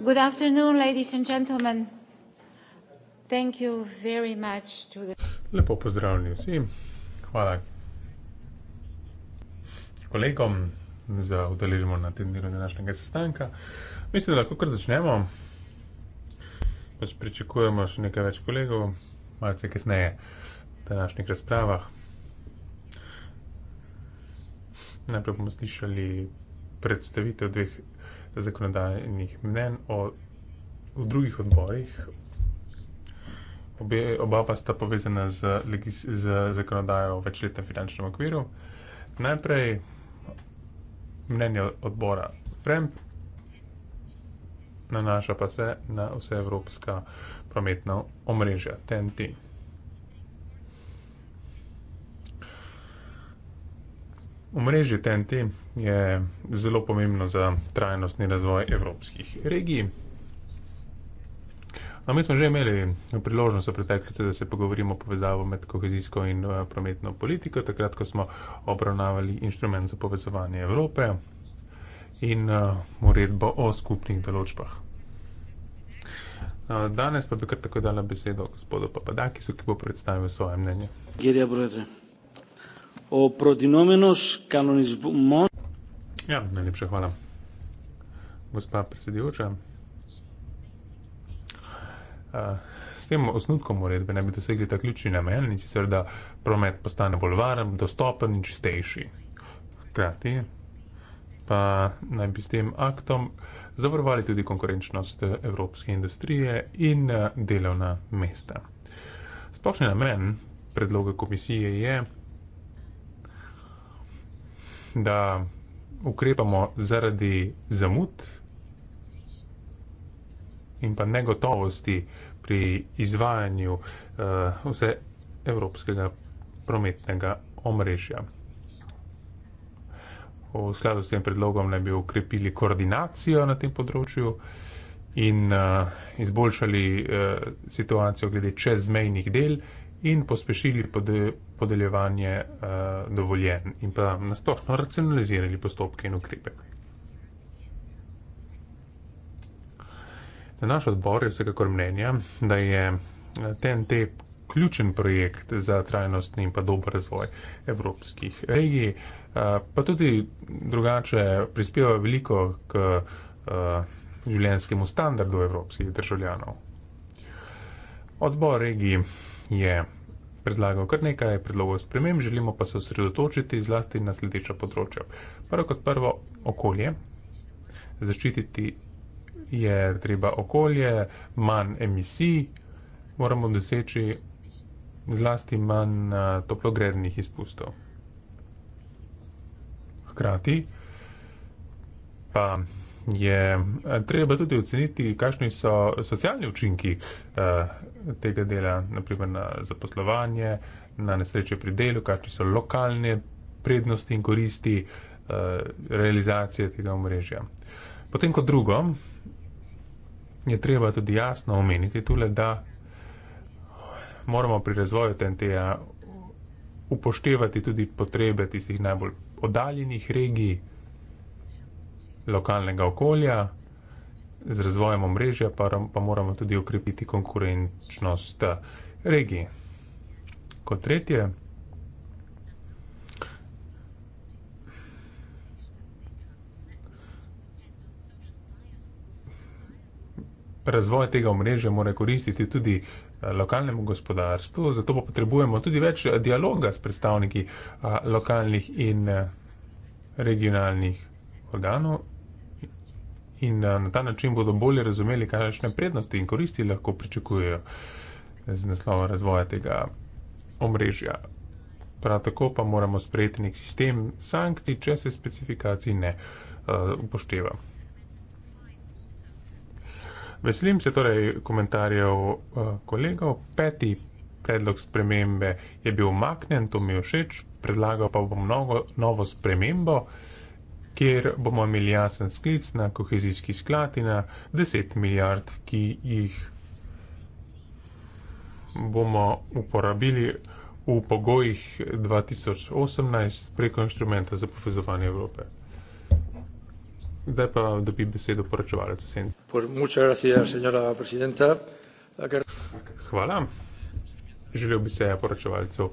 Good afternoon, ladies and gentlemen. Thank you very much to the... Lepo pozdravljeni vsi. Hvala kolegom za udeležbo na tem delu današnjega sestanka. Mislim, da lahko kar začnemo. Pač pričakujemo še nekaj več kolegov, malce kasneje v današnjih razpravah. Najprej bomo slišali predstavitev dveh zakonodajnih mnen o, v drugih odborih. Obe, oba pa sta povezana z, legis, z zakonodajo o večletnem finančnem okviru. Najprej mnenje odbora FREMP, nanaša pa se na vse evropska prometna omrežja TNT. Omrežje TNT je zelo pomembno za trajnostni razvoj evropskih regij. A mi smo že imeli priložnost v preteklosti, da se pogovorimo o povezavo med kohezijsko in eh, prometno politiko, takrat, ko smo obravnavali inštrument za povezovanje Evrope in eh, uredbo o skupnih določbah. Eh, danes pa bi kar tako dala besedo gospodu Papadakisu, ki bo predstavil svoje mnenje. Gerija Brede ο προτινόμενος κανονισμός... Ja, najlepša hvala. Gospa predsedujoča, s tem osnutkom uredbe naj bi dosegli ta ključni namen, in sicer da promet postane bolj varen, dostopen in čistejši. Hkrati pa naj bi s tem aktom zavarovali tudi konkurenčnost e, evropske industrije in e, delovna mesta. Splošni namen predloga komisije je, da ukrepamo zaradi zamud in pa negotovosti pri izvajanju uh, vse evropskega prometnega omrežja. V skladu s tem predlogom naj bi ukrepili koordinacijo na tem področju in uh, izboljšali uh, situacijo glede čezmejnih del in pospešili pode, podeljevanje uh, eh, dovoljen in pa nasplošno racionalizirali postopke in ukrepe. Na naš odbor je vsekakor mnenja, da je TNT eh, ključen projekt za trajnostni in pa dober razvoj evropskih regij, eh, pa tudi drugače prispeva veliko k življenskemu standardu evropskih državljanov. Odbor regij je predlagal kar nekaj predlogov sprememb, želimo pa se osredotočiti zlasti na sledeča področja. Prvo kot prvo, okolje. Zaščititi je treba okolje, manj emisij moramo doseči, zlasti manj eh, toplogrednih izpustov. Hkrati pa je eh, treba tudi oceniti, kakšni so socialni učinki eh, tega dela, naprimer na zaposlovanje, na nesreče pri delu, kakšne so lokalne prednosti in koristi eh, realizacije tega omrežja. Potem kot drugo, je treba tudi jasno omeniti tule, da moramo pri razvoju TNT-ja upoštevati tudi potrebe tistih najbolj oddaljenih regij, lokalnega okolja, z razvojem omrežja pa, pa moramo tudi okrepiti konkurenčnost eh, regije. Kot tretje, razvoj tega omrežja mora koristiti tudi eh, lokalnemu gospodarstvu, zato pa potrebujemo tudi več eh, dialoga s predstavniki lokalnih in regionalnih organov in eh, na ta način bodo bolje razumeli, kakšne prednosti in koristi lahko pričakujejo z naslova razvoja tega omrežja. Prav tako pa moramo sprejeti nek sistem sankcij, če se specifikacij ne eh, upošteva. Veselim se torej komentarjev eh, kolegov. Peti predlog spremembe je bil omaknen, to mi je všeč, predlagal pa bom novo, novo spremembo kjer bomo imeli jasen sklic na kohezijski sklad in na 10 milijard, ki jih bomo uporabili v pogojih 2018 preko inštrumenta za povezovanje Evrope. Zdaj pa dobi besedo poročevalec Senca. Hvala. Želel bi se poročevalcu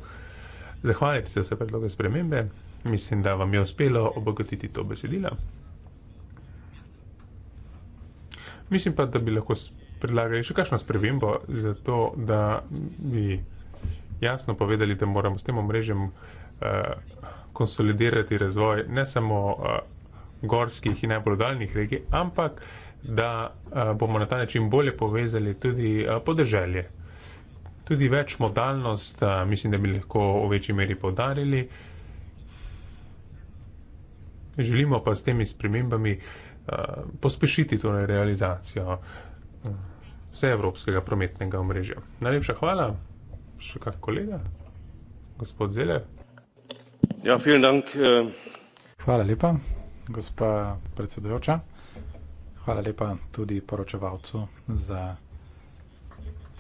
zahvaliti za vse predloge spremembe. Mislim, da vam je uspelo obogatiti to besedilo. Mislim pa, da bi lahko predlagali še kakšno spremembo, zato da bi jasno povedali, da moramo s tem omrežjem uh, konsolidirati razvoj ne samo uh, gorskih in najbolj daljnih regij, ampak da uh, bomo na ta način bolje povezali tudi uh, podeželje. Tudi več modalnost, uh, mislim, da bi lahko v večji meri povdarili. Uh, Želimo pa s temi spremembami uh, pospešiti to realizacijo eh, vse evropskega prometnega omrežja. Najlepša hvala, še kak kolega, gospod Zele. Ja, vielen dank. Eh. Hvala lepa, gospa predsedujoča. Hvala lepa tudi poročevalcu za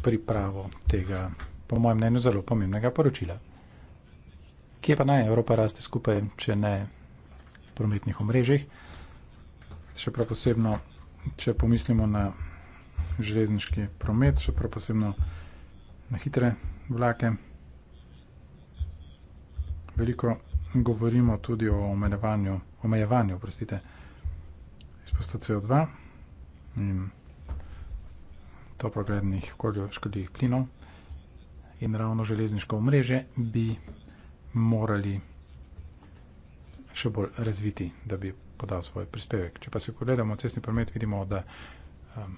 pripravo tega, po mojem mnenju, zelo pomembnega poročila. Kje pa naj Evropa raste skupaj, če ne prometnih omrežjih. Še prav posebno, če pomislimo na železniški promet, še prav posebno na hitre vlake. Veliko govorimo tudi o omejevanju, omejevanju prostite, izpustov CO2 in toproglednih škodljivih plinov in ravno železniško omrežje bi morali še bolj razviti, da bi podal svoj prispevek. Če pa se pogledamo cestni promet, vidimo, da um,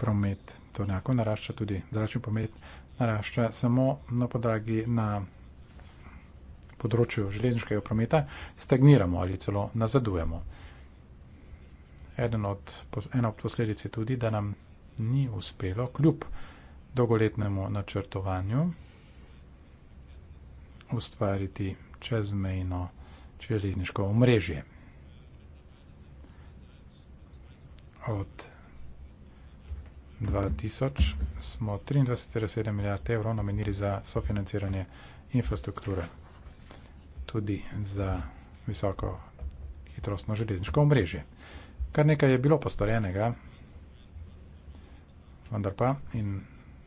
promet to nekako narašča, tudi zračni promet narašča samo na podlagi na področju železniškega prometa, stagniramo ali celo nazadujemo. Od, ena od posledic je tudi, da nam ni uspelo, kljub dolgoletnemu načrtovanju, ustvariti čezmejno železniško omrežje. Od 2000 smo 23,7 milijard evrov namenili za sofinanciranje infrastrukture, tudi za visoko hitrostno železniško omrežje. Kar nekaj je bilo postorjenega, vendar pa in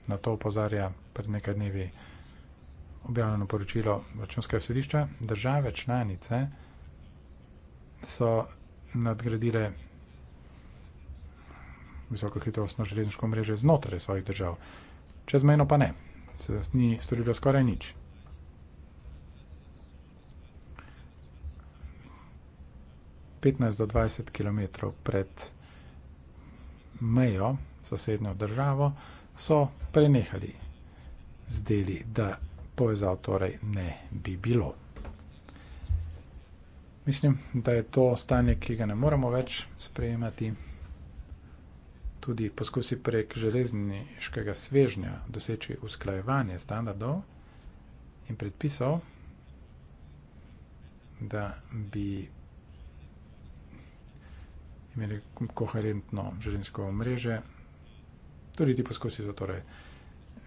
na to upozarja pred nekaj dnevi objavljeno poročilo računskega sodišča, države članice so nadgradile visokohitrostno železniško mrežo znotraj svojih držav, čezmejno pa ne, se ni storilo skoraj nič. Petnajst do dvajset kilometrov pred mejo sosednjo državo so prenehali z deli, da povezav torej ne bi bilo. Mislim, da je to stanje, ki ga ne moremo več sprejemati. Tudi poskusi prek železniškega svežnja doseči usklajevanje standardov in predpisov, da bi imeli koherentno železniško mreže, tudi ti poskusi za torej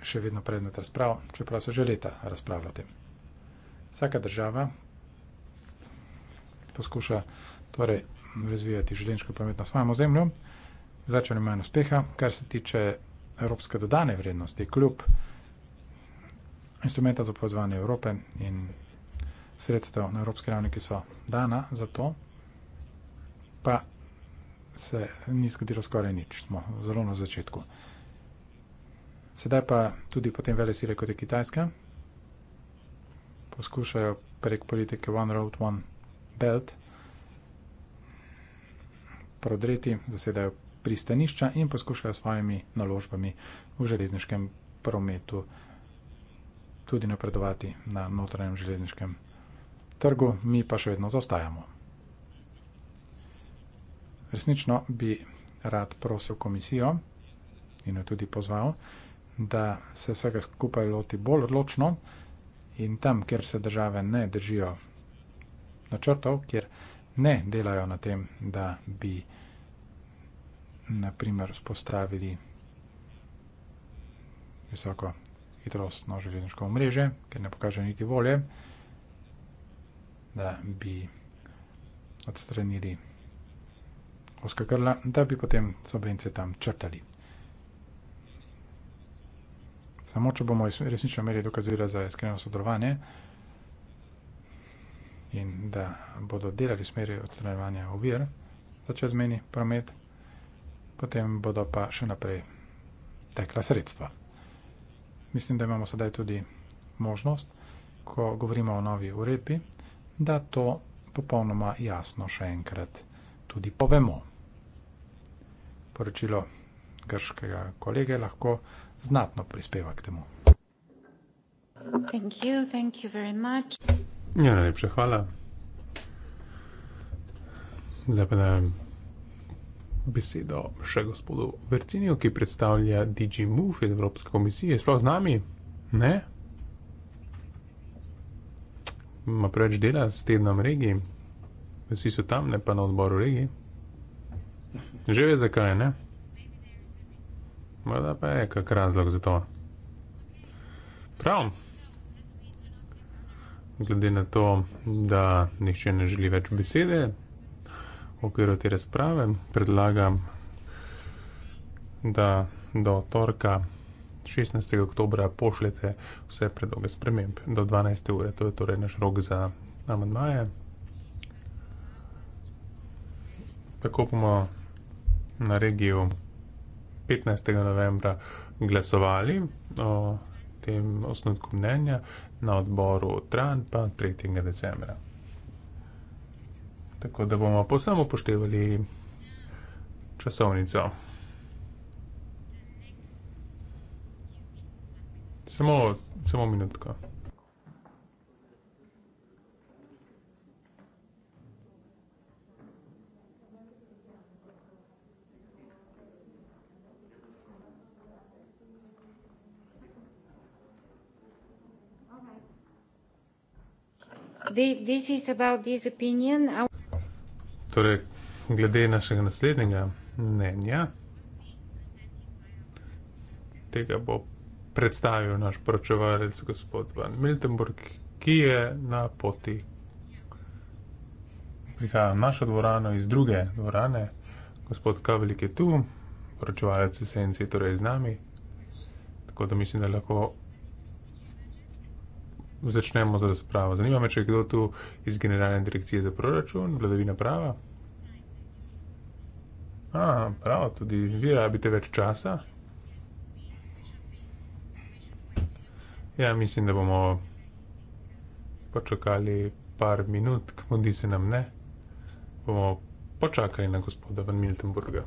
še vedno predmet razprav, čeprav se že leta razpravlja o tem. Vsaka država poskuša torej razvijati želeniško pamet na svojem ozemlju, z več ali manj uspeha, kar se tiče evropske dodane vrednosti, kljub instrumenta za povezovanje Evrope in sredstev na evropski ravni, ki so dana za to, pa se ni zgodilo skoraj nič, smo zelo na začetku. Sedaj pa tudi potem vele sile, kot je Kitajska, poskušajo prek politike One Road, One Belt prodreti, zasedajo pristanišča in poskušajo s svojimi naložbami v železniškem prometu tudi napredovati na notranjem železniškem trgu, mi pa še vedno zaostajamo. Resnično bi rad prosil komisijo in jo tudi pozval, da da se vsega skupaj loti bolj odločno in tam, kjer se države ne držijo načrtov, kjer ne delajo na tem, da bi naprimer spostavili visoko hitrostno železniško mreže, ker ne pokaže niti volje, da bi odstranili oskakrla, da bi potem sobence tam črtali. Samo če bomo resnično imeli dokazila za iskreno sodelovanje in da bodo delali v smeri odstranjevanja ovir za čezmeni promet, potem bodo pa še naprej tekla sredstva. Mislim, da imamo sedaj tudi možnost, ko govorimo o novi urepi, da to popolnoma jasno še enkrat tudi povemo. Poročilo grškega kolege lahko povemo, znatno prispeva k temu. Ja, najlepša hvala. Zdaj pa dajem besedo še gospodu Vercinju, ki predstavlja DG Move iz Evropske komisije. Je sploh z nami? Ne? Ma preveč dela s tednom regij? Vsi so tam, ne pa na odboru regij? Že ve, zakaj, ne? Morda pa je kak razlog za to. Prav. Glede na to, da nihče ne želi več besede v okviru te razprave, predlagam, da do torka 16. oktobra pošljete vse predloge sprememb do 12. ure. To je torej naš rok za amandmaje. Tako bomo na regijo 15. novembra glasovali o tem osnutku mnenja na odboru Tran pa 3. decembra. Tako da bomo posebno upoštevali časovnico. Samo, samo minutko. Torej, glede našega naslednjega mnenja, tega bo predstavil naš poročevalec gospod Van Miltenburg, ki je na poti. Prihaja naša dvorana iz druge dvorane. Gospod Kavlik je tu, poročevalec esenci torej z nami. Tako da mislim, da lahko začnemo z razpravo. Zanima me, če je kdo tu iz Generalne direkcije za proračun, vladavina prava. A, prav, tudi vi rabite več časa. Ja, mislim, da bomo počakali par minut, kmodi se nam ne. Bomo počakali na gospoda Van Miltenburga.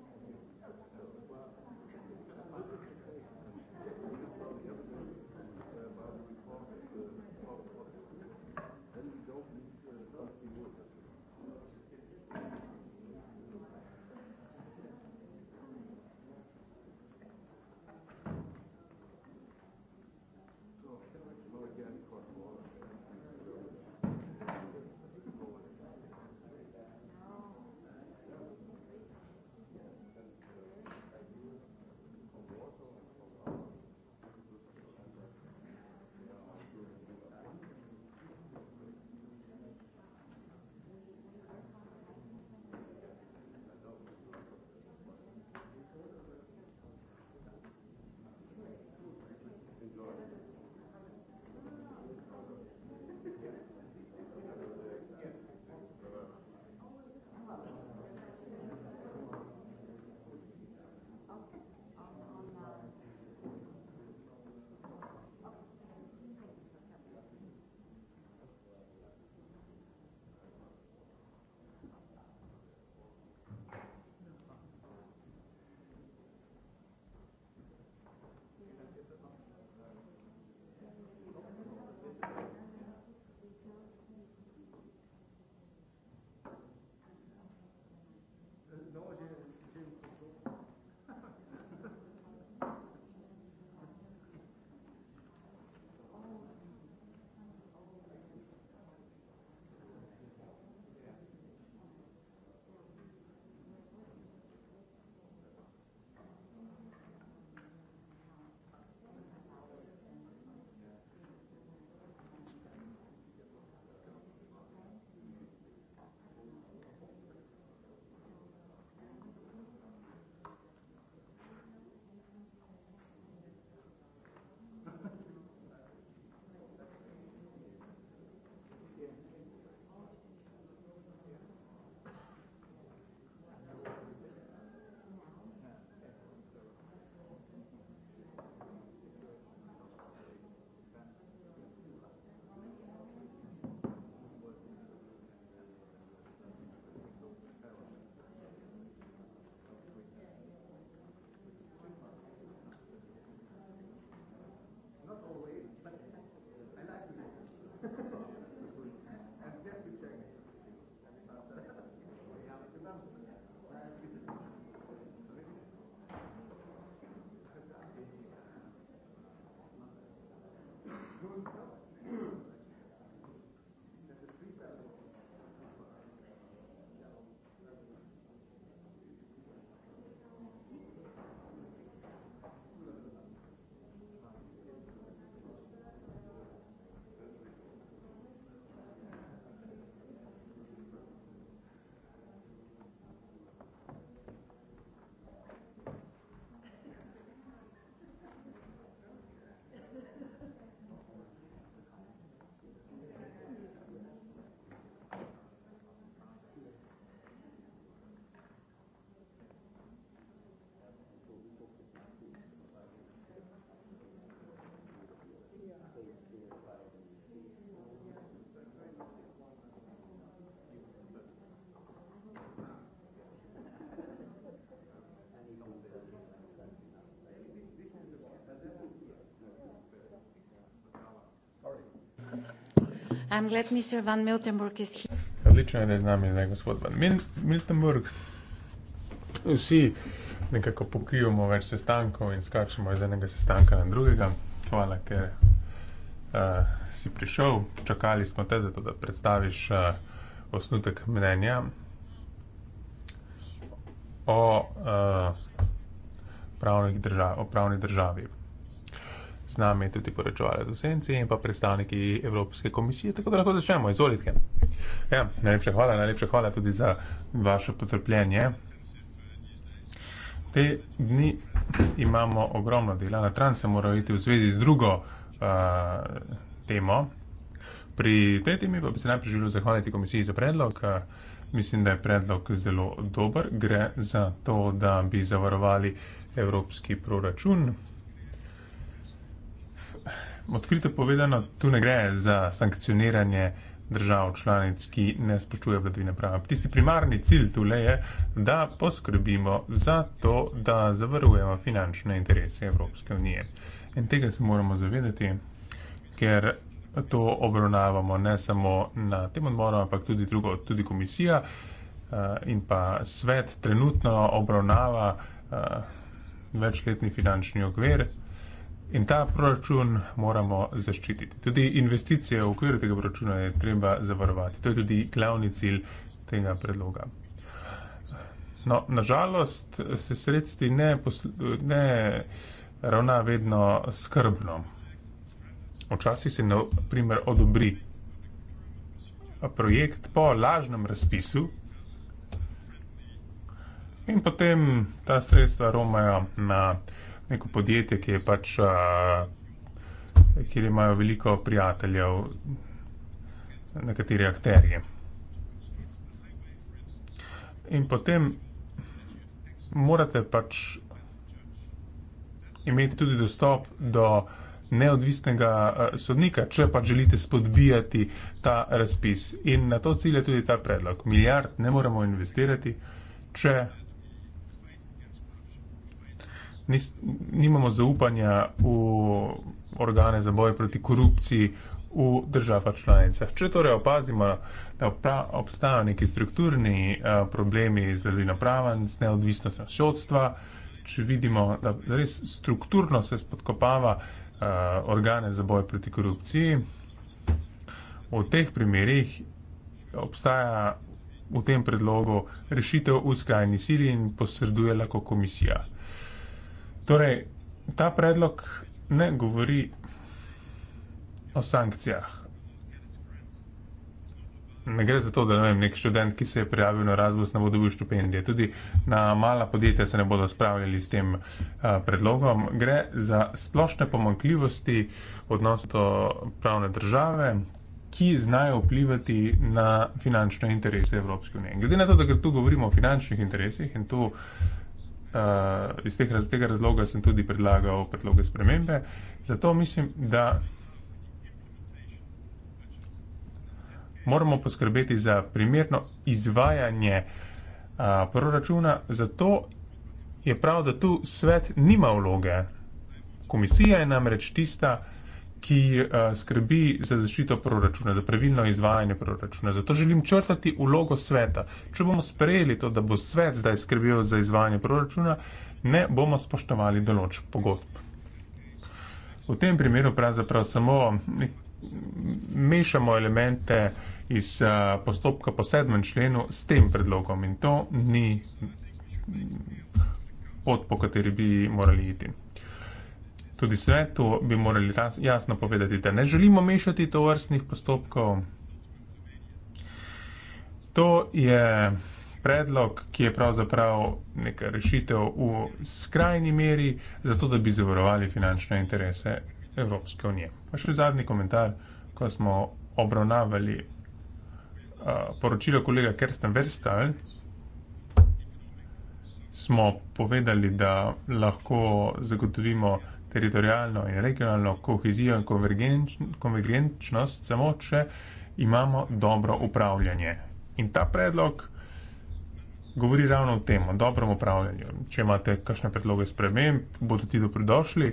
Odlično je, da je z nami zdaj gospod Van Mil Miltenburg. Vsi nekako pokivamo več sestankov in skačemo iz enega sestanka na drugega. Hvala, ker uh, si prišel. Čakali smo te, zato da predstaviš uh, osnutek mnenja o, uh, eh, državi, o pravni državi z nami tudi poročevalec v senci in pa predstavniki Evropske komisije, tako da lahko začnemo. Izvolite. Ja, najlepša hvala, najlepša hvala tudi za vaše potrpljenje. Te dni imamo ogromno dela, na tran se mora iti v zvezi z drugo uh, temo. Pri tej temi pa bi se najprej želel zahvaliti komisiji za predlog. Mislim, da je predlog zelo dober. Gre za to, da bi zavarovali evropski proračun, odkrito povedano, tu ne gre za sankcioniranje držav članic, ki ne spoštuje vladavine prava. Tisti primarni cilj tule je, da poskrbimo za to, da zavarujemo finančne interese Evropske unije. In tega se moramo zavedati, ker to obravnavamo ne samo na tem odboru, ampak tudi drugo, tudi komisija eh, in pa svet trenutno obravnava eh, večletni finančni okvir 2021-2027. In ta proračun moramo zaščititi. Tudi investicije v okviru tega proračuna je treba zavarovati. To je tudi glavni cilj tega predloga. No, nažalost se sredstvi ne, ne ravna vedno skrbno. Včasih se, na primer, odobri projekt po lažnem razpisu in potem ta sredstva romajo na neko podjetje, ki je pač, uh, kjer imajo veliko prijateljev, nekateri akterji. In potem morate pač imeti tudi dostop do neodvisnega sodnika, če pa želite spodbijati ta razpis. In na to cilje tudi ta predlog. Milijard ne moremo investirati, če nis, nimamo zaupanja v organe za boj proti korupciji v državah članicah. Če torej opazimo, da obstajajo neki strukturni a, eh, problemi z vladino prava in s neodvisnostjo sodstva, če vidimo, da res strukturno se spodkopava a, eh, organe za boj proti korupciji, v teh primerjih obstaja v tem predlogu rešitev v skrajni Siriji in posreduje lahko komisija. Torej, ta predlog ne govori o sankcijah. Ne gre za to, da ne vem, nek študent, ki se je prijavil na razvoz, ne bo dobil štipendije. Tudi na mala podjetja se ne bodo spravljali s tem a, eh, predlogom. Gre za splošne pomankljivosti odnosno do pravne države, ki znajo vplivati na finančne interese Evropske unije. Glede na to, da tu govorimo o finančnih interesih in tu uh, iz raz, tega razloga sem tudi predlagal predloge spremembe. Zato mislim, da moramo poskrbeti za primerno izvajanje uh, proračuna. Zato je prav, da tu svet nima vloge. Komisija je namreč tista, ki ki uh, skrbi za zaščito proračuna, za pravilno izvajanje proračuna. Zato želim črtati ulogo sveta. Če bomo sprejeli to, da bo svet zdaj skrbel za izvajanje proračuna, ne bomo spoštovali določb pogodb. V tem primeru pravzaprav samo mešamo elemente iz uh, postopka po sedmem členu s tem predlogom in to ni pot, po kateri bi morali iti tudi svetu bi morali jasno povedati, da ne želimo mešati to vrstnih postopkov. To je predlog, ki je pravzaprav neka rešitev v skrajni meri, zato da bi zavarovali finančne interese Evropske unije. Pa še zadnji komentar, ko smo obravnavali uh, poročilo kolega Kersten Verstal, smo povedali, da lahko zagotovimo teritorijalno in regionalno kohezijo in konvergenčnost, samo če imamo dobro upravljanje. In ta predlog govori ravno o tem, o dobrem upravljanju. Če imate kakšne predloge sprememb, bodo ti dobrodošli.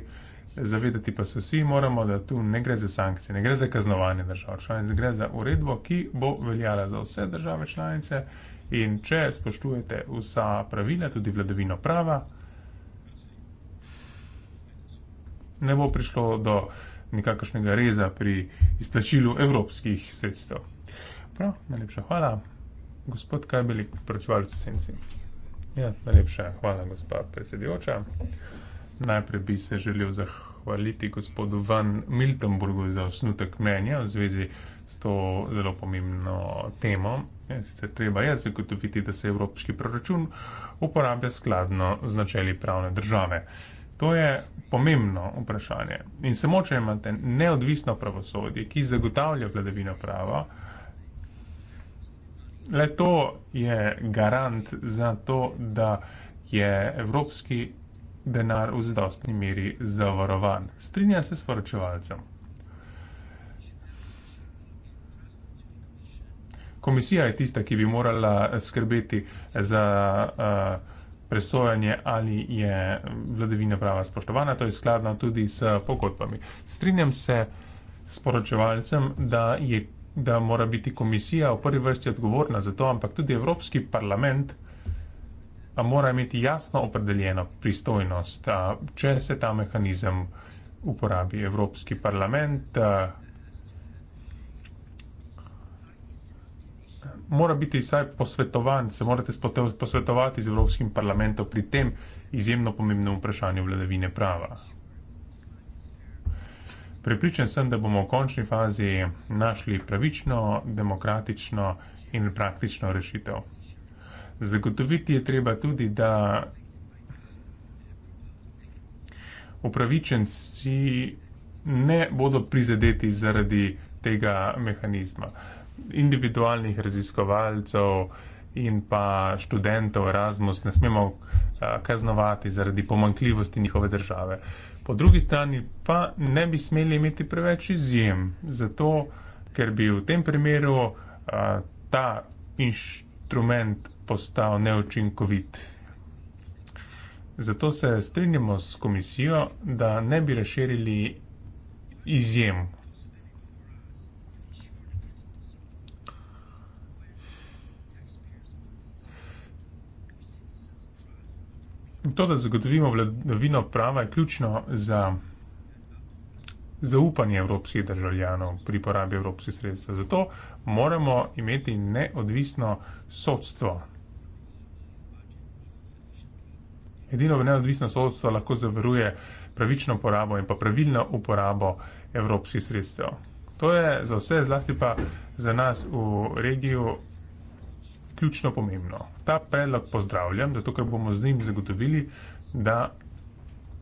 Zavedati pa se vsi moramo, da tu ne gre za sankcije, ne gre za kaznovanje držav članic, gre za uredbo, ki bo veljala za vse države članice in če spoštujete vsa pravila, tudi vladavino prava, ne bo prišlo do nekakšnega reza pri izplačilu evropskih sredstev. Prav, najlepša hvala, gospod Kajbelik, poročevalec Senci. Ja, najlepša hvala, gospa predsedujoča. Najprej bi se želel zahvaliti gospodu Van Miltenburgu za osnutek mnenja v zvezi s to zelo pomembno temo. Ja, sicer treba je zagotoviti, da se evropski proračun uporablja skladno z načeli pravne države. Uh, To je pomembno vprašanje. In samo, če imate neodvisno pravosodje, ki zagotavlja vladavino prava, le to je garant za to, da je evropski denar v zadostni meri zavarovan. Strinja se s poročevalcem. Komisija je tista, ki bi morala skrbeti za. Uh, presojanje, ali je vladavina prava spoštovana, to je skladno tudi s pogodbami. Strinjam se s poročevalcem, da, je, da mora biti komisija v prvi vrsti odgovorna za to, ampak tudi Evropski parlament mora imeti jasno opredeljeno pristojnost, če se ta mehanizem uporabi. Evropski parlament mora biti vsaj posvetovan, se morate posvetovati z Evropskim parlamentom pri tem izjemno pomembnem vprašanju vladavine prava. Pripričan sem, da bomo v končni fazi našli pravično, demokratično in praktično rešitev. Zagotoviti je treba tudi, da upravičenci ne bodo prizadeti zaradi tega mehanizma individualnih raziskovalcev in pa študentov Erasmus ne smemo eh, kaznovati zaradi pomankljivosti njihove države. Po drugi strani pa ne bi smeli imeti preveč izjem, zato ker bi v tem primeru a, eh, ta inštrument postal neučinkovit. Zato se strinjamo s komisijo, da ne bi razširili izjem to, da zagotovimo vladavino prava, je ključno za zaupanje evropskih državljanov pri porabi evropskih sredstev. Zato moramo imeti neodvisno sodstvo. Edino v neodvisno sodstvo lahko zavaruje pravično porabo in pa pravilno uporabo evropskih sredstev. To je za vse, zlasti pa za nas v regiju ključno pomembno. Ta predlog pozdravljam, zato ker bomo z njim zagotovili, da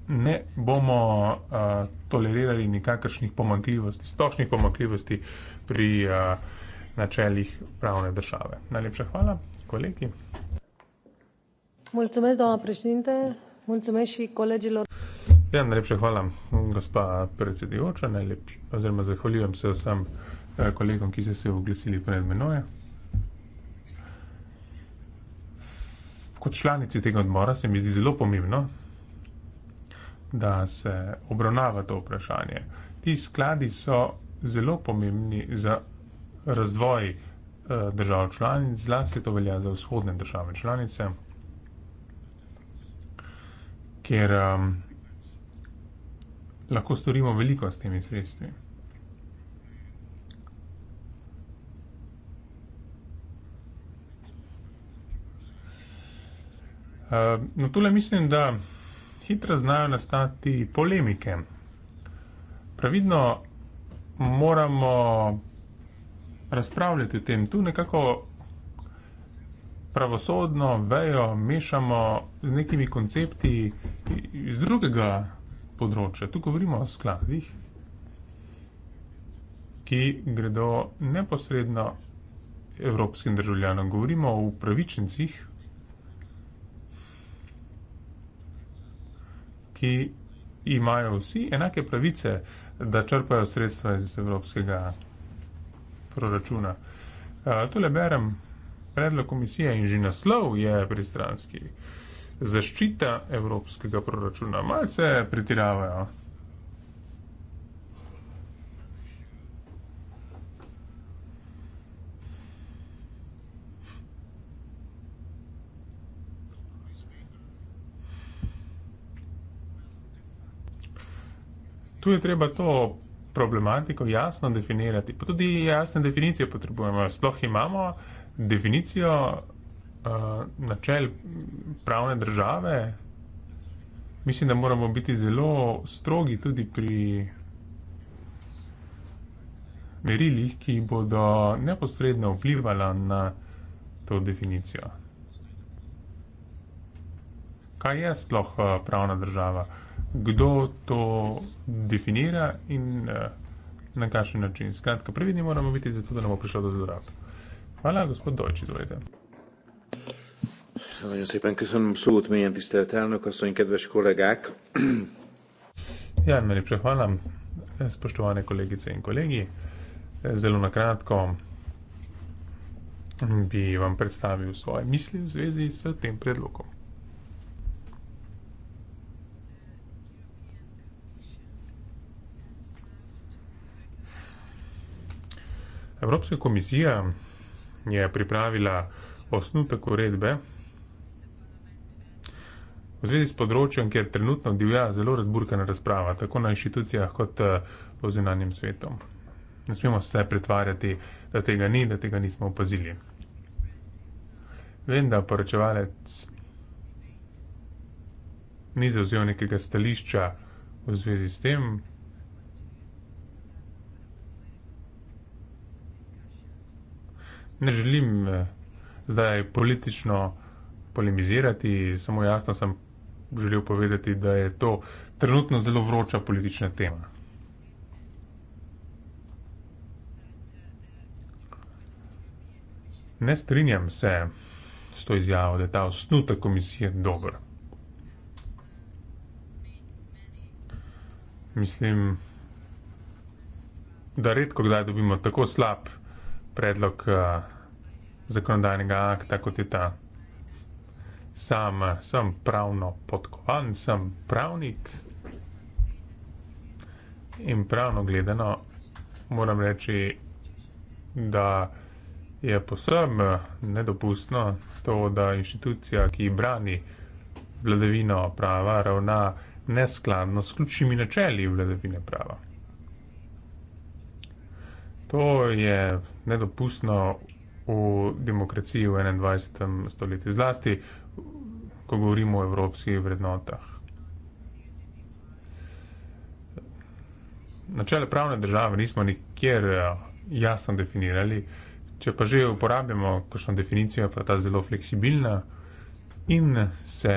ne bomo uh, tolerirali nikakršnih pomankljivosti, stošnih pomankljivosti pri uh, načeljih pravne države. Najlepša hvala, kolegi. Ja, najlepša hvala, gospa predsedujoča, oziroma zahvaljujem se vsem eh, kolegom, ki ste se oglasili pred menoj. kot članici tega odbora se mi zdi zelo pomembno, da se obravnava to vprašanje. Ti skladi so zelo pomembni za razvoj eh, držav članic, zlasti to velja za vzhodne države članice, ker eh, lahko storimo veliko s temi sredstvi. Eh, no, tole mislim, da hitro znajo nastati polemike. Pravidno moramo razpravljati o tem, tu nekako pravosodno vejo mešamo z nekimi koncepti iz drugega področja. Tu govorimo o skladih, ki gredo neposredno evropskim državljanom. Govorimo o upravičencih, ki imajo vsi enake pravice, da črpajo sredstva iz evropskega proračuna. Eh, tole berem predlog komisije in že naslov je pristranski. Zaščita evropskega proračuna. Malce pritiravajo. tu je treba to problematiko jasno definirati. Pa tudi jasne definicije potrebujemo. Sploh imamo definicijo uh, načel pravne države. Mislim, da moramo biti zelo strogi tudi pri merilih, ki bodo neposredno vplivala na to definicijo kaj je sploh eh, pravna država, kdo to definira in eh, na kakšen način. Skratka, previdni moramo biti zato, da ne bo prišlo do zlorab. Hvala, gospod Dojč, izvolite. Nagyon szépen köszönöm szó, milyen tisztelt elnök asszony, kedves kollégák. Ja, nagyon köszönöm. Ez postovane kollégice in kollégi. Zelo na kratko bi vam predstavil svoje misli v zvezi s tem predlogom. Evropska komisija je pripravila osnutek uredbe v zvezi s področjem, kjer trenutno divja zelo razburkana razprava, tako na inštitucijah kot eh, v zunanjem svetu. Ne smemo se pretvarjati, da tega ni, da tega nismo opazili. Vem, da poročevalec ni zauzel nekega stališča v zvezi s tem, ne želim eh, zdaj politično polemizirati, samo jasno sem želel povedati, da je to trenutno zelo vroča politična tema. Ne strinjam se s to izjavo, da je ta osnuta komisija dober. Mislim, da redko kdaj dobimo tako slab predlog eh, zakonodajnega akta, kot je ta. Sam eh, sem pravno podkovan, sem pravnik in pravno gledano moram reči, da je posebno eh, nedopustno to, da inštitucija, ki brani vladavino prava, ravna neskladno s ključnimi načeli vladavine prava. To je nedopustno v demokraciji v 21. stoletju, zlasti ko govorimo o evropskih vrednotah. Načele pravne države nismo nikjer eh, jasno definirali, če pa že uporabljamo kakšno definicijo, pa ta zelo fleksibilna in se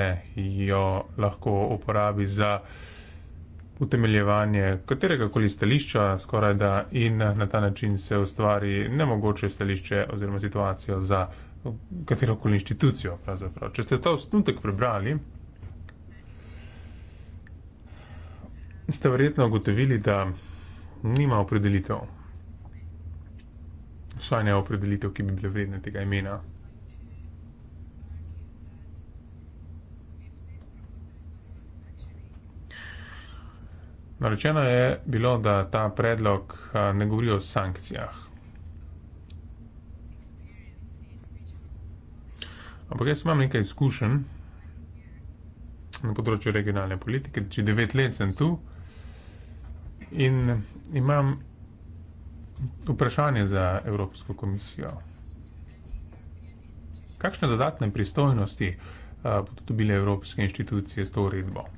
jo lahko uporabi za utemeljevanje katerega koli stališča skoraj da in na ta način se ustvari nemogoče stališče oziroma situacijo za katero koli inštitucijo. Pravzaprav. Če ste ta osnutek prebrali, ste verjetno ugotovili, da nima opredelitev. Vsaj ne opredelitev, ki bi bila vredna tega imena. Narečeno je bilo, da ta predlog ne govori o sankcijah. Ampak jaz imam nekaj izkušenj na področju regionalne politike, če devet let sem tu in imam vprašanje za Evropsko komisijo. Kakšne dodatne pristojnosti bodo dobile evropske inštitucije s to uredbo?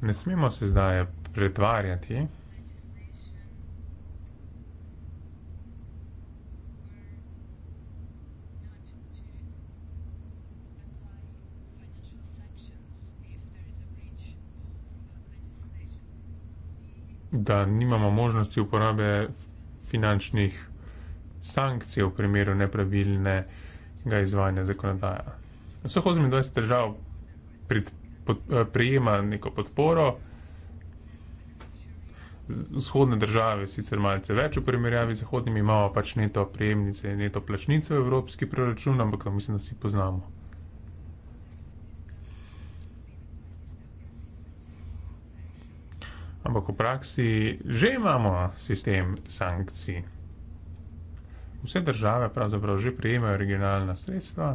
ne smemo se zdaj pretvarjati, da nimamo možnosti uporabe finančnih sankcij v primeru nepravilnega izvajanja zakonodaja. Vseh 28 držav pred pod, eh, prijema neko podporo. Vzhodne države sicer malce več v primerjavi z zahodnimi, imamo pač neto prejemnice in neto plačnice v evropski proračun, ampak to mislim, da vsi poznamo. Ampak v praksi že imamo sistem sankcij. Vse države pravzaprav že prejemajo regionalna sredstva.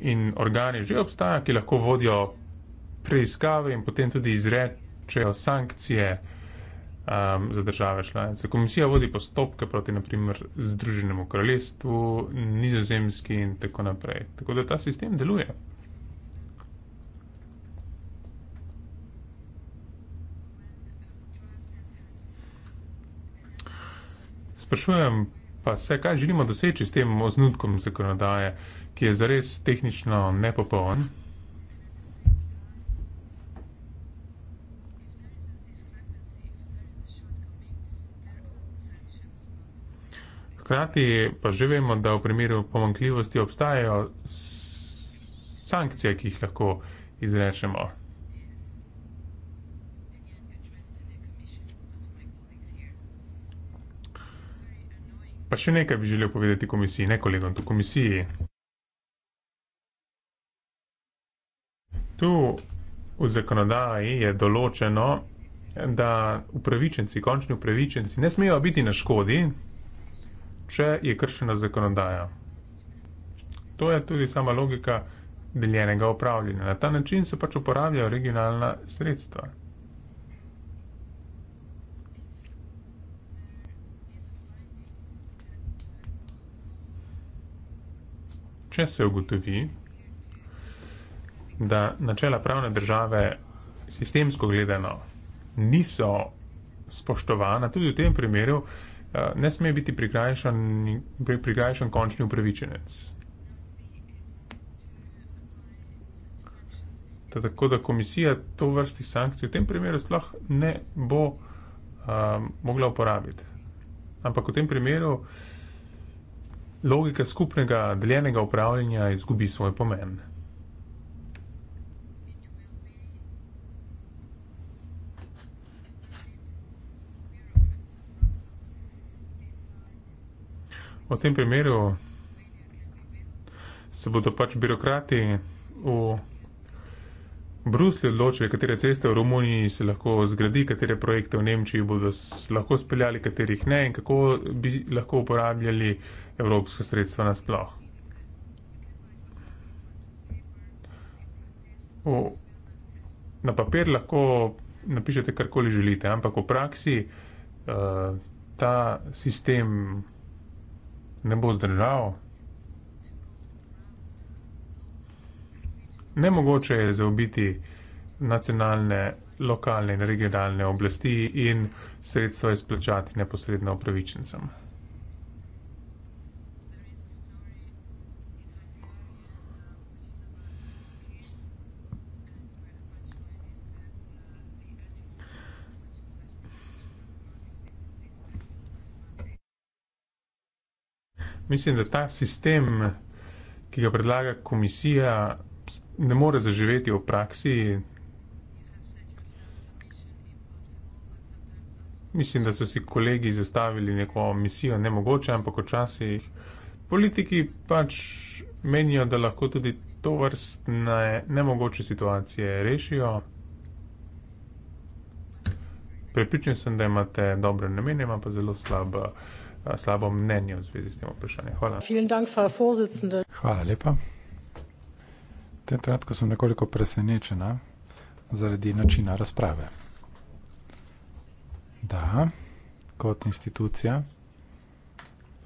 in organi že obstajajo, ki lahko vodijo preiskave in potem tudi izrečejo sankcije um, za države članice. Komisija vodi postopke proti naprimer Združenemu kraljestvu, nizozemski in tako naprej. Tako da ta sistem deluje. Sprašujem, pa vse, kaj želimo doseči s tem osnutkom zakonodaje, ki je zares tehnično nepopoln. Hkrati pa že vemo, da v primeru pomankljivosti obstajajo sankcije, ki jih lahko izrečemo. Pa še nekaj bi želel povedati komisiji, ne kolegom, tu komisiji. Tu v zakonodaji je določeno, da upravičenci, končni upravičenci, ne smejo biti na škodi, če je kršena zakonodaja. To je tudi sama logika deljenega upravljanja. Na ta način se pač uporabljajo regionalna sredstva. če se ugotovi, da načela pravne države sistemsko gledano niso spoštovana, tudi v tem primeru eh, ne sme biti prikrajšan končni upravičenec. Tako da komisija to vrsti sankcij v tem primeru sploh ne bo um, mogla uporabiti. Ampak v tem primeru uh, logika skupnega deljenega upravljanja izgubi svoj pomen. V tem primeru se bodo pač birokrati v Bruslj odločuje, katere ceste v Romuniji se lahko zgradi, katere projekte v Nemčiji bodo lahko speljali, katerih ne in kako bi lahko uporabljali evropske sredstva nasploh. Na papir lahko napišete karkoli želite, ampak v praksi uh, ta sistem ne bo zdržal. Nemogoče je zaobiti nacionalne, lokalne in regionalne oblasti in sredstva izplačati neposredno upravičencem. Mislim, da ta sistem, ki ga predlaga komisija, ne more zaživeti v praksi. Mislim, da so si kolegi zastavili neko misijo, ne mogoče, ampak včasih politiki pač menijo, da lahko tudi to vrstne nemogoče situacije rešijo. Prepričan sem, da imate dobre namene, ima pa zelo slab, slabo mnenje v zvezi s tem vprašanjem. Hvala. Hvala lepa tem trenutku sem nekoliko presenečena zaradi načina razprave. Da, kot institucija,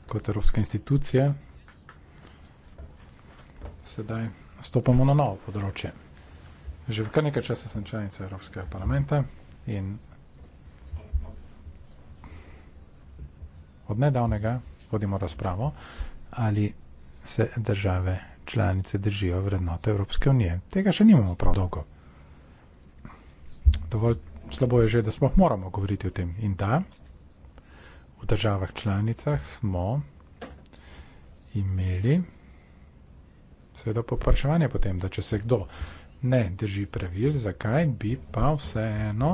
kot evropske institucije, sedaj stopamo na novo področje. Že v kar nekaj časa sem članica Evropskega parlamenta in od nedavnega vodimo razpravo, ali se države članice držijo vrednote Evropske unije. Tega še nimamo prav dolgo. Dovolj slabo je že, da smo moramo govoriti o tem. In da, v državah članicah smo imeli seveda poprašovanje potem, da če se kdo ne drži pravil, zakaj bi pa vseeno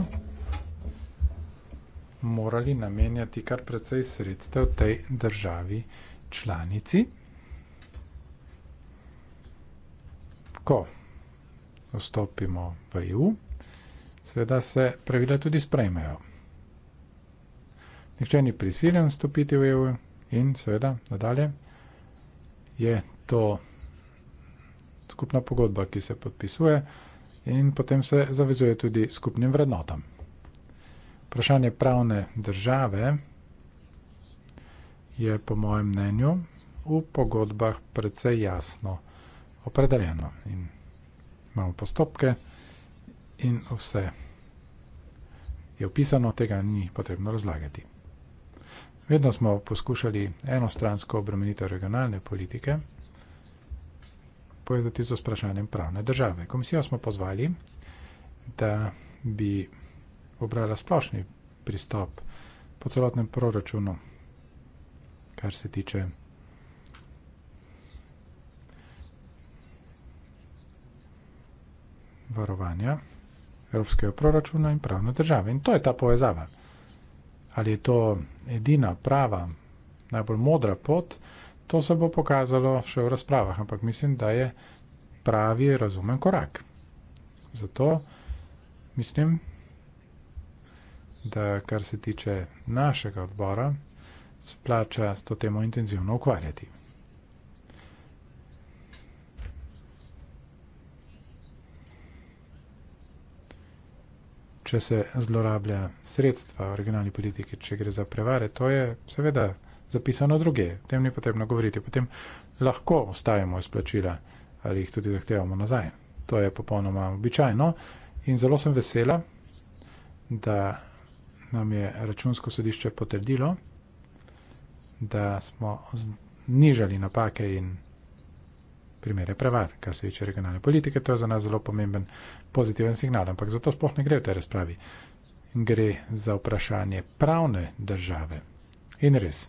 morali namenjati kar precej sredstev tej državi članici. ko vstopimo v EU, seveda se pravila tudi sprejmejo. Nihče ni prisiljen vstopiti v EU in seveda nadalje je to skupna pogodba, ki se podpisuje in potem se zavezuje tudi skupnim vrednotam. Vprašanje pravne države je po mojem mnenju v pogodbah precej jasno opredeljeno. In imamo postopke in vse je opisano, tega ni potrebno razlagati. Vedno smo poskušali enostransko obremenitev regionalne politike povezati z vprašanjem pravne države. Komisijo smo pozvali, da bi obrala splošni pristop po celotnem proračunu, kar se tiče varovanja evropskega proračuna in pravne države. In to je ta povezava. Ali je to edina prava, najbolj modra pot, to se bo pokazalo še v razpravah, ampak mislim, da je pravi razumen korak. Zato mislim, da kar se tiče našega odbora, splača s to temo intenzivno ukvarjati. če se zlorablja sredstva v regionalni politiki, če gre za prevare, to je seveda zapisano druge, o tem ni potrebno govoriti. Potem lahko ostajamo izplačila ali jih tudi zahtevamo nazaj. To je popolnoma običajno in zelo sem vesela, da nam je računsko sodišče potrdilo, da smo znižali napake in primere prevar, kar se tiče regionalne politike, to je za nas zelo pomemben pozitiven signal, ampak zato sploh ne gre v tej razpravi. Gre za vprašanje pravne države. In res,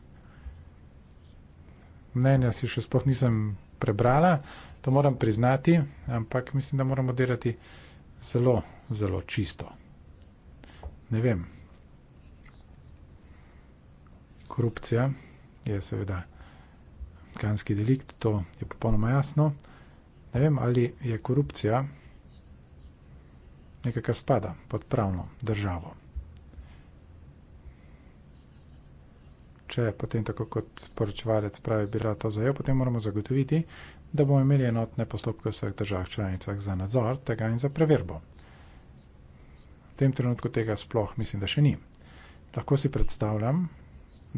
mnenja si še sploh nisem prebrala, to moram priznati, ampak mislim, da moramo delati zelo, zelo čisto. Ne vem. Korupcija je seveda kazenski delikt, to je popolnoma jasno. Ne vem, ali je korupcija nekaj, kar spada pod pravno državo. Če potem tako kot poročevalec pravi, bi rad to zajel, potem moramo zagotoviti, da bomo imeli enotne postopke v vseh državah članicah za nadzor tega in za preverbo. V tem trenutku tega sploh mislim, da še ni. Lahko si predstavljam,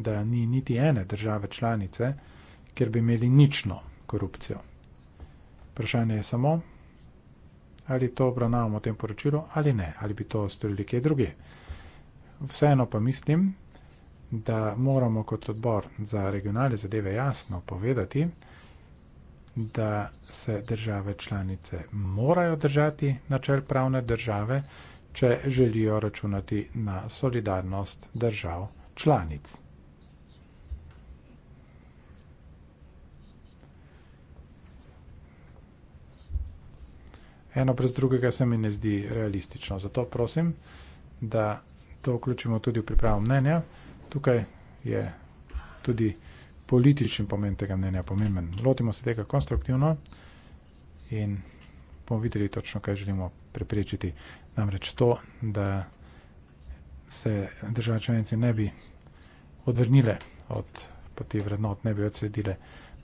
da ni niti ene države članice, ki kjer bi imeli nično korupcijo. Vprašanje je samo, ali to obravnavamo v tem poročilu ali ne, ali bi to storili kje druge. Vseeno pa mislim, da moramo kot odbor za regionalne zadeve jasno povedati, da se države članice morajo držati načel pravne države, če želijo računati na solidarnost držav članic. eno brez drugega se mi ne zdi realistično. Zato prosim, da to vključimo tudi v pripravo mnenja. Tukaj je tudi političen pomen tega mnenja pomemben. Lotimo se tega konstruktivno in bomo videli točno, kaj želimo preprečiti. Namreč to, da se države članice ne bi odvrnile od poti vrednot, ne bi odsledile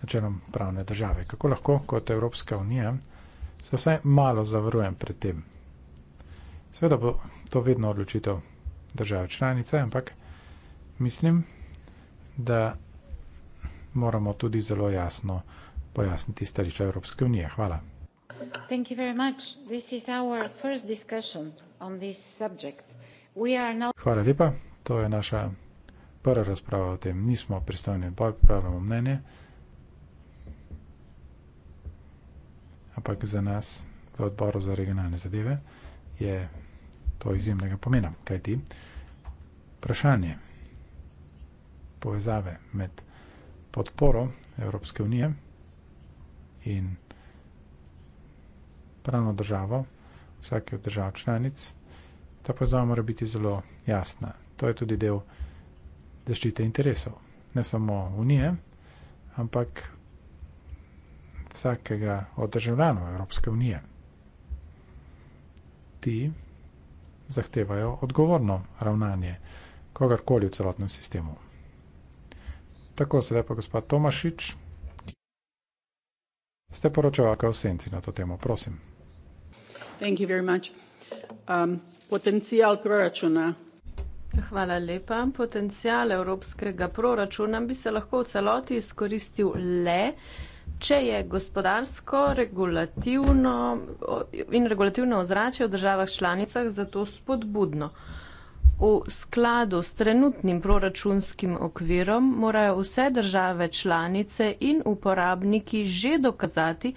načelom pravne države. Kako lahko kot Evropska unija? se vsaj malo zavarujem pred tem. Sveda bo to vedno odločitev države članice, ampak mislim, da moramo tudi zelo jasno pojasniti stališče Evropske unije. Hvala. Hvala lepa. To je naša prva razprava o tem. Nismo pristojni odbor, pravimo mnenje. ampak za nas v odboru za regionalne zadeve je to izjemnega pomena. Kaj ti? Vprašanje povezave med podporo Evropske unije in pravno državo vsake od držav članic, ta povezava mora biti zelo jasna. To je tudi del zaščite interesov. Ne samo unije, ampak vsakega od državljanov Evropske unije. Ti zahtevajo odgovorno ravnanje kogarkoli v celotnem sistemu. Tako se lepa gospod Tomašič, ste poročevalka v senci na to temo, prosim. Thank you very much. Um, potencijal proračuna. Hvala lepa. Potencijal evropskega proračuna bi se lahko v celoti izkoristil le Če je gospodarsko regulativno in regulativno ozračje v državah članicah zato spodbudno. V skladu s trenutnim proračunskim okvirom morajo vse države članice in uporabniki že dokazati,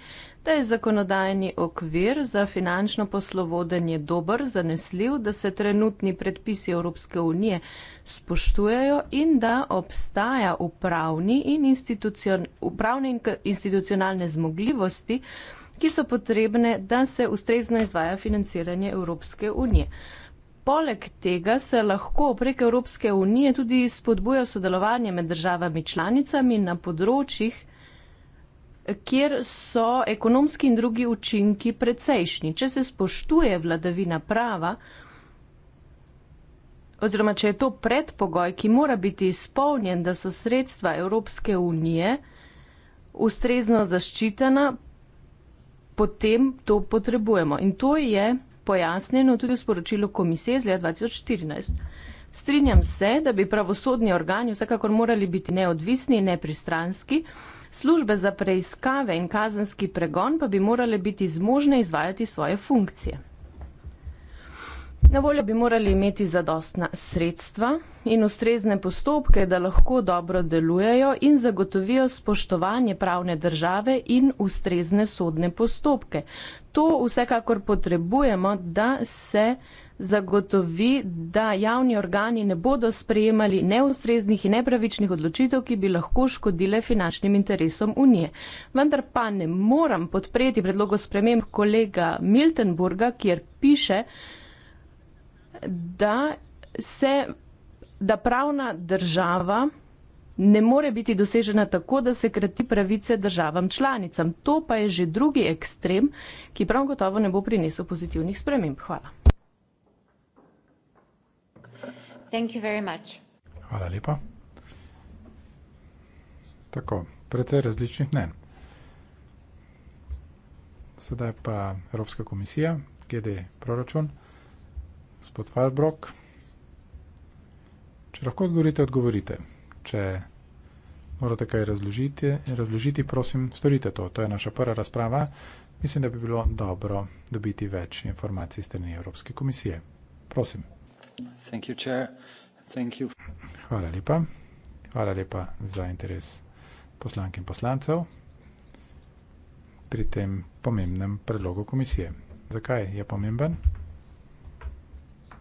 da je zakonodajni okvir za finančno poslovodenje dober, zanesljiv, da se trenutni predpisi Evropske unije spoštujejo in da obstaja upravni in, institucion, upravni in institucionalne zmogljivosti, ki so potrebne, da se ustrezno izvaja financiranje Evropske unije. Poleg tega se lahko prek Evropske unije tudi spodbuja sodelovanje med državami članicami na področjih, kjer so ekonomski in drugi učinki precejšnji. Če se spoštuje vladavina prava, oziroma če je to predpogoj, ki mora biti izpolnjen, da so sredstva Evropske unije ustrezno zaščitena, potem to potrebujemo. In to je pojasnjeno tudi v sporočilu komisije iz leta 2014. Strinjam se, da bi pravosodni organi vsekakor morali biti neodvisni in nepristranski, službe za preiskave in kazenski pregon pa bi morale biti zmožne izvajati svoje funkcije. Na voljo bi morali imeti zadostna sredstva in ustrezne postopke, da lahko dobro delujejo in zagotovijo spoštovanje pravne države in ustrezne sodne postopke. To vsekakor potrebujemo, da se zagotovi, da javni organi ne bodo sprejemali neustreznih in nepravičnih odločitev, ki bi lahko škodile finančnim interesom Unije. Vendar pa ne moram podpreti predlogo sprememb kolega Miltenburga, kjer piše, da se da pravna država ne more biti dosežena tako, da se krati pravice državam članicam. To pa je že drugi ekstrem, ki prav gotovo ne bo prinesel pozitivnih sprememb. Hvala. Thank you very much. Hvala lepa. Tako, precej različnih mnen. Sedaj pa Evropska komisija, GD proračun gospod Valbrok. Če lahko odgovorite, odgovorite. Če morate kaj razložiti, razložiti, prosim, storite to. To je naša prva razprava. Mislim, da bi bilo dobro dobiti več informacij strani Evropske komisije. Prosim. Thank you, chair. Thank you. Hvala lepa. Hvala lepa za interes poslank in poslancev pri tem pomembnem predlogu komisije. Zakaj je pomemben?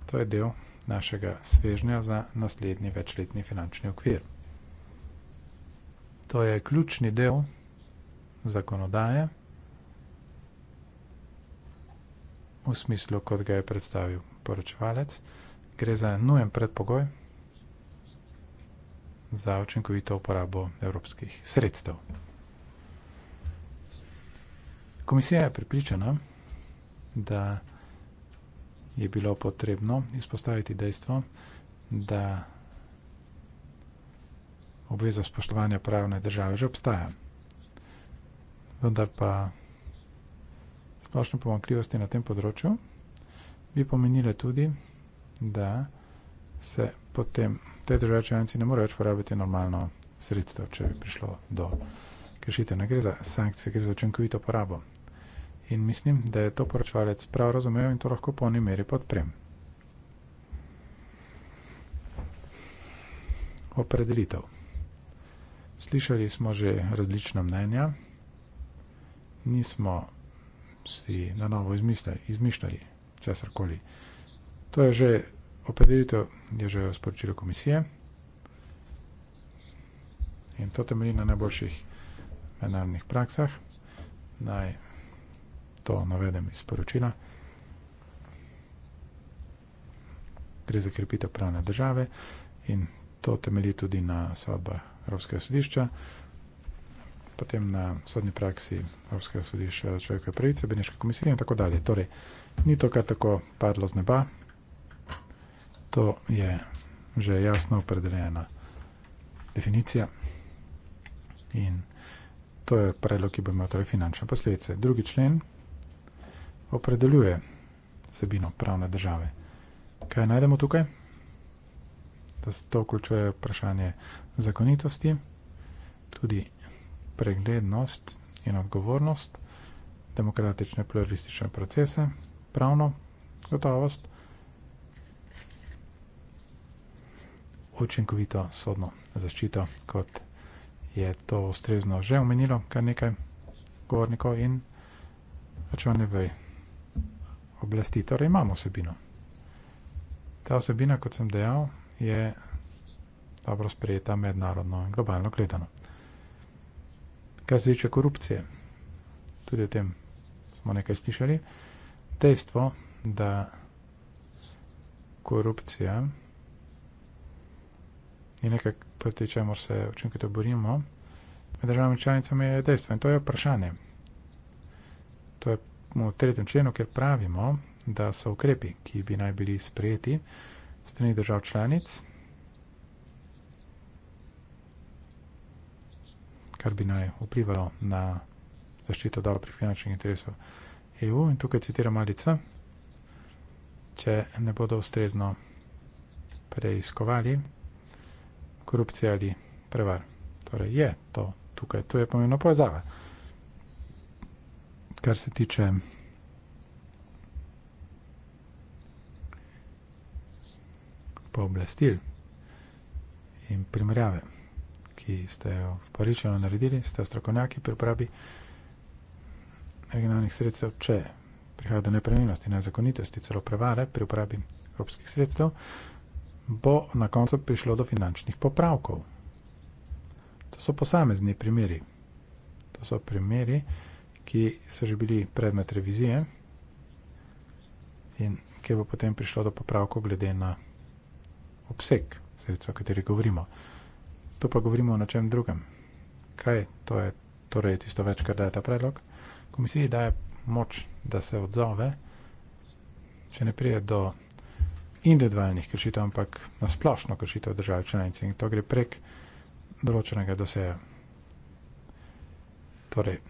To je del našega svežnja za naslednji večletni finančni okvir. To je ključni del zakonodaje v smislu, kot ga je predstavil poročevalec. Gre za nujen predpogoj za učinkovito uporabo evropskih sredstev. Komisija je pripričana, da je je bilo potrebno izpostaviti dejstvo, da obveza spoštovanja pravne države že obstaja. Vendar pa splošne pomankljivosti na tem področju bi pomenile tudi, da se potem te države članice ne morejo več porabiti normalno sredstvo, če bi prišlo do kršitev. Ne gre za sankcije, gre za učinkovito porabo In mislim, da je to poročevalec prav razumel in to lahko po njej meri podprem. Opredelitev. Slišali smo že različna mnenja, nismo si na novo izmišljali česar koli. To je že opredelitev, je že sporočilo komisije. In to temelji na najboljših mednarodnih praksah. Naj to navedem iz poročila. Gre za krepitev pravne države in to temelji tudi na sodbah Evropskega sodišča, potem na sodni praksi Evropskega sodišča človekove pravice, Beneške komisije in tako dalje. Torej, ni to kar tako padlo z neba, to je že jasno opredeljena definicija in to je predlog, ki bo imel torej finančne posledice. Drugi člen, opredeljuje vsebino pravne države. Kaj najdemo tukaj? Da se to vključuje vprašanje zakonitosti, tudi preglednost in odgovornost, demokratične pluralistične procese, pravno gotovost, učinkovito sodno zaščito, kot je to ustrezno že omenilo kar nekaj govornikov in računanje vej oblasti. Torej imamo vsebino. Ta vsebina, kot sem dejal, je dobro sprejeta mednarodno in globalno gledano. Kaj se tiče korupcije, tudi o tem smo nekaj slišali, dejstvo, da korupcija je nekaj, proti čemu se učinkovito borimo, med državami članicami je dejstvo in to je vprašanje. To je v tretjem členu, kjer pravimo, da so ukrepi, ki bi naj bili sprejeti strani držav članic, kar bi naj vplivalo na zaščito dobrih finančnih interesov EU. In tukaj citira Malica, če ne bodo ustrezno preiskovali korupcije ali prevar. Torej je to tukaj, tu je pomembna povezava kar se tiče pooblastil in primerjave, ki ste jo poričeno naredili, ste strokovnjaki pri uporabi regionalnih sredstev, če prihaja do nepravilnosti, nezakonitosti, celo prevare pri uporabi evropskih sredstev, bo na koncu prišlo do finančnih popravkov. To so posamezni primeri. To so primeri, ki so že bili predmet revizije in kjer bo potem prišlo do popravko glede na obseg sredstva, o kateri govorimo. To pa govorimo o načem drugem. Kaj to je torej tisto več, kar daje ta predlog? Komisiji daje moč, da se odzove, če ne prije do individualnih kršitev, ampak na splošno kršitev države članice in to gre prek določenega doseja. Torej,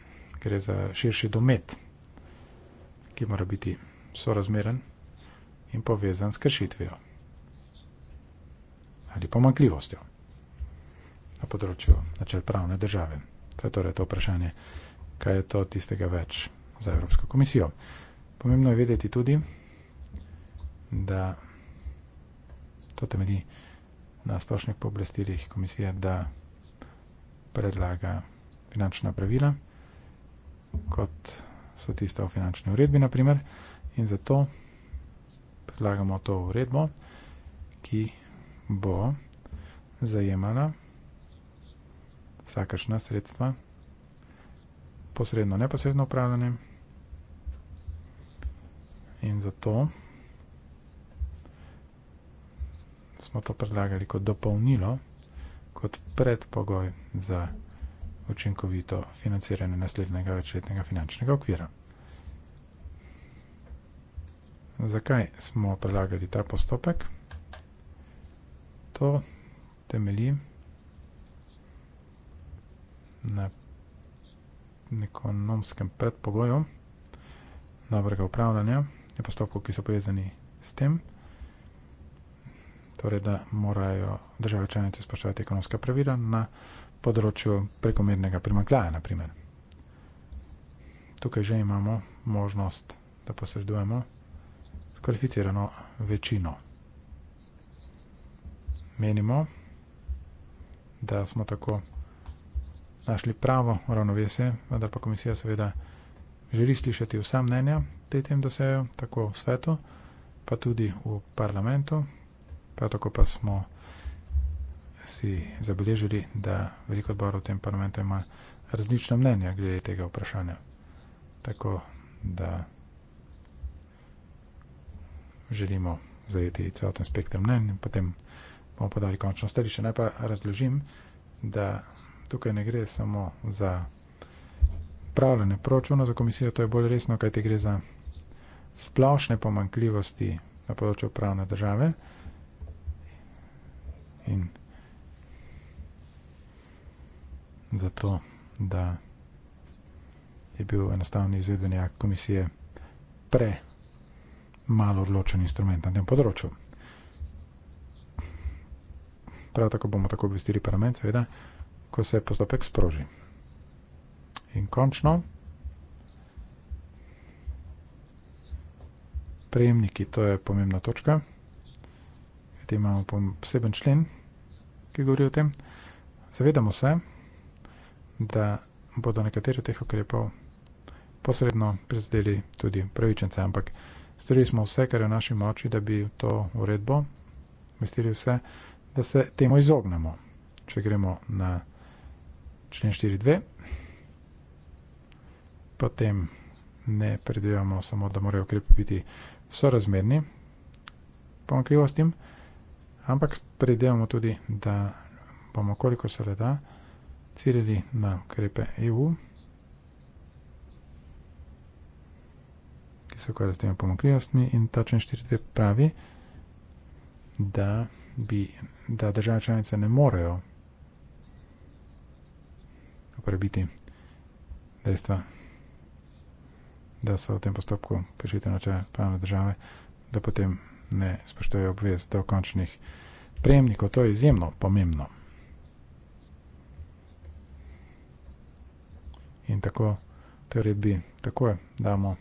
gre za širši domet, ki mora biti sorazmeren in povezan s kršitvijo ali pomankljivostjo na področju načel pravne države. To je torej to vprašanje, kaj je to tistega več za Evropsko komisijo. Pomembno je vedeti tudi, da to temelji na splošnih pooblastilih komisije, da predlaga finančna pravila kot so tiste v finančni uredbi, naprimer, in zato predlagamo to uredbo, ki bo zajemala vsakršna sredstva, posredno, neposredno upravljanje, in zato smo to predlagali kot dopolnilo, kot predpogoj za upravljanje učinkovito financiranje naslednjega večletnega finančnega okvira. Zakaj smo predlagali ta postopek? To temelji na ekonomskem predpogoju dobrega upravljanja in postopkov, ki so povezani s tem, torej da morajo države članice spoštovati ekonomska pravila na področju prekomernega primankljaja. Tukaj že imamo možnost, da posredujemo s kvalificirano večino. Menimo, da smo tako našli pravo ravnovesje, vendar pa komisija seveda želi slišati vsa mnenja te tem dosejo, tako v svetu, pa tudi v parlamentu, pa tako pa smo vsega, si zabeležili, da veliko odborov v tem parlamentu ima različno mnenje glede tega vprašanja. Tako da želimo zajeti celoten spektrum mnen in potem bomo podali končno stališče. Naj pa razložim, da tukaj ne gre samo za pravljanje proračuna za komisijo, to je bolj resno, kaj te gre za splošne pomankljivosti na področju pravne države. In zato da je bil enostavni izvedeni akt komisije pre malo odločen instrument na tem področju. Prav tako bomo tako obvestili parlament, seveda, ko se postopek sproži. In končno, prejemniki, to je pomembna točka, kajti imamo poseben člen, ki govori o tem. Zavedamo se, da bodo nekateri od teh ukrepov posredno prizadeli tudi pravičence, ampak storili smo vse, kar je v naši moči, da bi v to uredbo umestili vse, da se temu izognemo. Če gremo na člen 4.2, potem ne predvijamo samo, da morajo ukrepi biti sorazmerni pomakljivostim, ampak predvijamo tudi, da bomo koliko se le da, da ciljali na ukrepe EU, ki se ukvarjajo s temi pomakljivostmi in ta člen 4.2 pravi, da, bi, da države članice ne morejo uporabiti dejstva, da so v tem postopku kršitev načela pravne države, da potem ne spoštujejo obvez do končnih prejemnikov. To je izjemno pomembno. In tako te redbi tako je, damo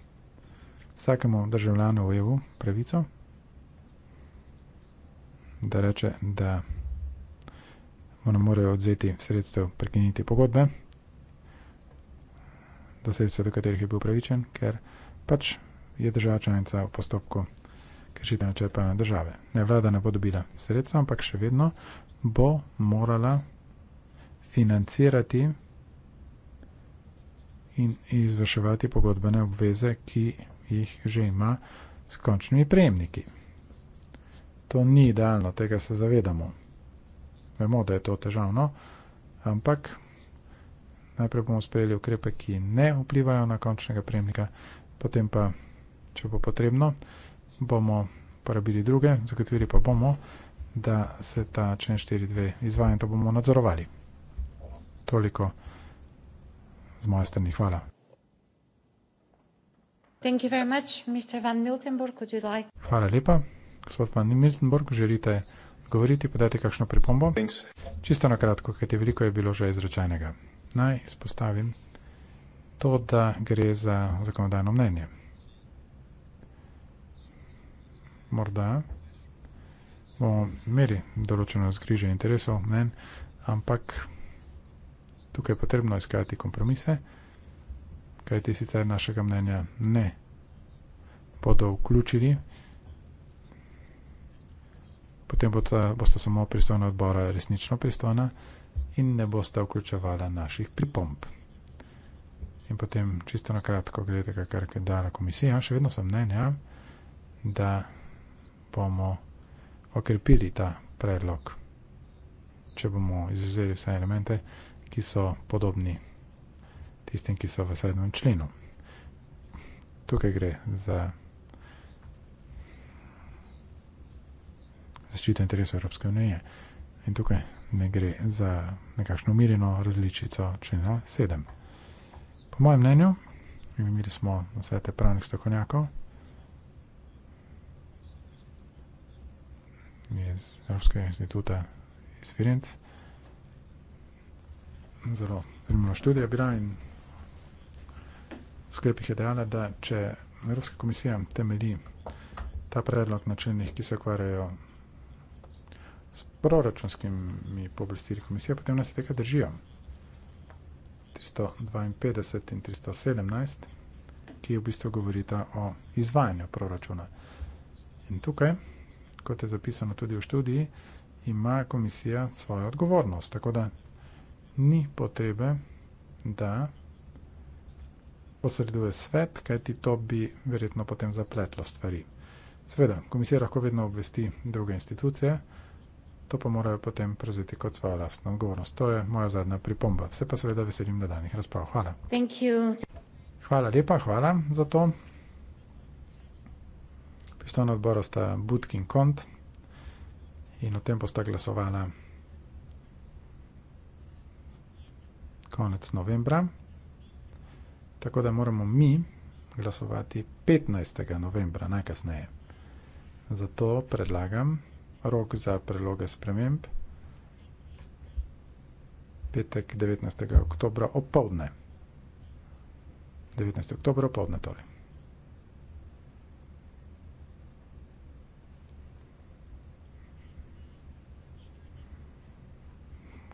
vsakemu državljanu v EU pravico, da reče, da mu ne morejo odzeti sredstev, prekiniti pogodbe, do sredstev, do katerih je bil pravičen, ker pač je država članica v postopku kršitev načrpane države. Ne, vlada ne bo dobila sredstva, ampak še vedno bo morala financirati in izvrševati pogodbene obveze, ki jih že ima s končnimi prejemniki. To ni idealno, tega se zavedamo. Vemo, da je to težavno, ampak najprej bomo sprejeli ukrepe, ki ne vplivajo na končnega prejemnika, potem pa, če bo potrebno, bomo porabili druge, zagotovili pa bomo, da se ta člen 4.2 izvajanja, to bomo nadzorovali. Toliko vprašanje z moje strani. Hvala. Hvala lepa. Gospod van Miltenburg, želite govoriti, podati kakšno pripombo? Thanks. Čisto na kratko, kajti veliko je bilo že izrečenega. Naj spostavim to, da gre za zakonodajno mnenje. Morda bomo imeli določeno zgriže interesov, mnen, ampak Tukaj je potrebno iskati kompromise, kajti sicer našega mnenja ne bodo vključili, potem bosta, bosta samo pristojna odbora resnično pristojna in ne bosta vključevala naših pripomb. In potem čisto na kratko gledajte, kar je dala komisija. Še vedno sem mnenja, da bomo okrepili ta predlog, če bomo izuzeli vse elemente, ki so podobni tistim, ki so v sedmem členu. Tukaj gre za zaščito interesov Evropske unije in tukaj ne gre za nekakšno umirjeno različico člena sedem. Po mojem mnenju, imeli smo na svete pravnih stokonjakov iz Evropskega instituta iz Firenze, zelo zanimiva študija bila in sklep jih je dejala, da če Evropska komisija temelji ta predlog na členih, ki se ukvarjajo s proračunskimi poblastili komisije, potem nas se tega držijo. 352 in 317, ki v bistvu govorita o izvajanju proračuna. In tukaj, kot je zapisano tudi v študiji, ima komisija svojo odgovornost. Tako da ni potrebe, da posreduje svet, kajti to bi verjetno potem zapletlo stvari. Seveda, komisija lahko vedno obvesti druge institucije, to pa morajo potem prevzeti kot svojo lastno odgovornost. To je moja zadnja pripomba. Se pa seveda veselim nadaljnih razprav. Hvala. Hvala lepa, hvala za to. Pristojna odbora sta Budkin Kont in o tem posta glasovala. konec novembra. Tako da moramo mi glasovati 15. novembra, najkasneje. Zato predlagam rok za predloge sprememb petek 19. oktober opoldne. 19. oktober opoldne torej.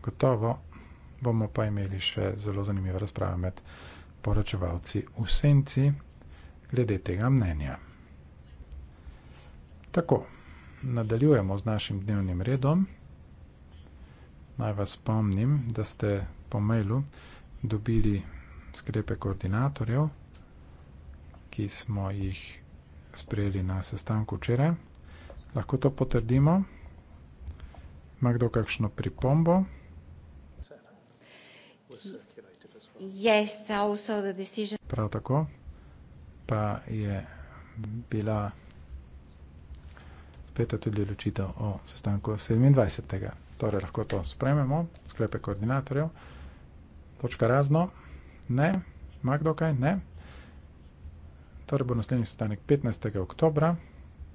Gotovo bomo pa imeli še zelo zanimive razprave med poročevalci v senci glede tega mnenja. Tako, nadaljujemo z našim dnevnim redom. Naj vas spomnim, da ste po mailu dobili sklepe koordinatorjev, ki smo jih sprejeli na sestanku včeraj. Lahko to potrdimo. Ima kdo kakšno pripombo? Prav tako pa je bila peta tudi odločitev o sestanku 27. Torej lahko to sprememo, sklepe koordinatorjev. Točka razno, ne, magdo kaj, ne. Torej bo naslednji sestanek 15. oktobra,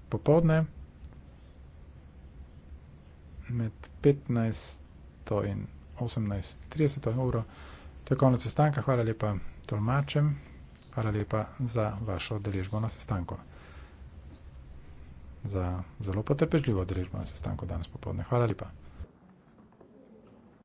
popovdne, med 15. in 15. 18.30 uro. To je konec sestanka, hvala lepa tolmačem, hvala lepa za vašo deležbo na sestanku. Za zelo potrpežljivo deležbo na sestanku danes popovdne. Hvala lepa.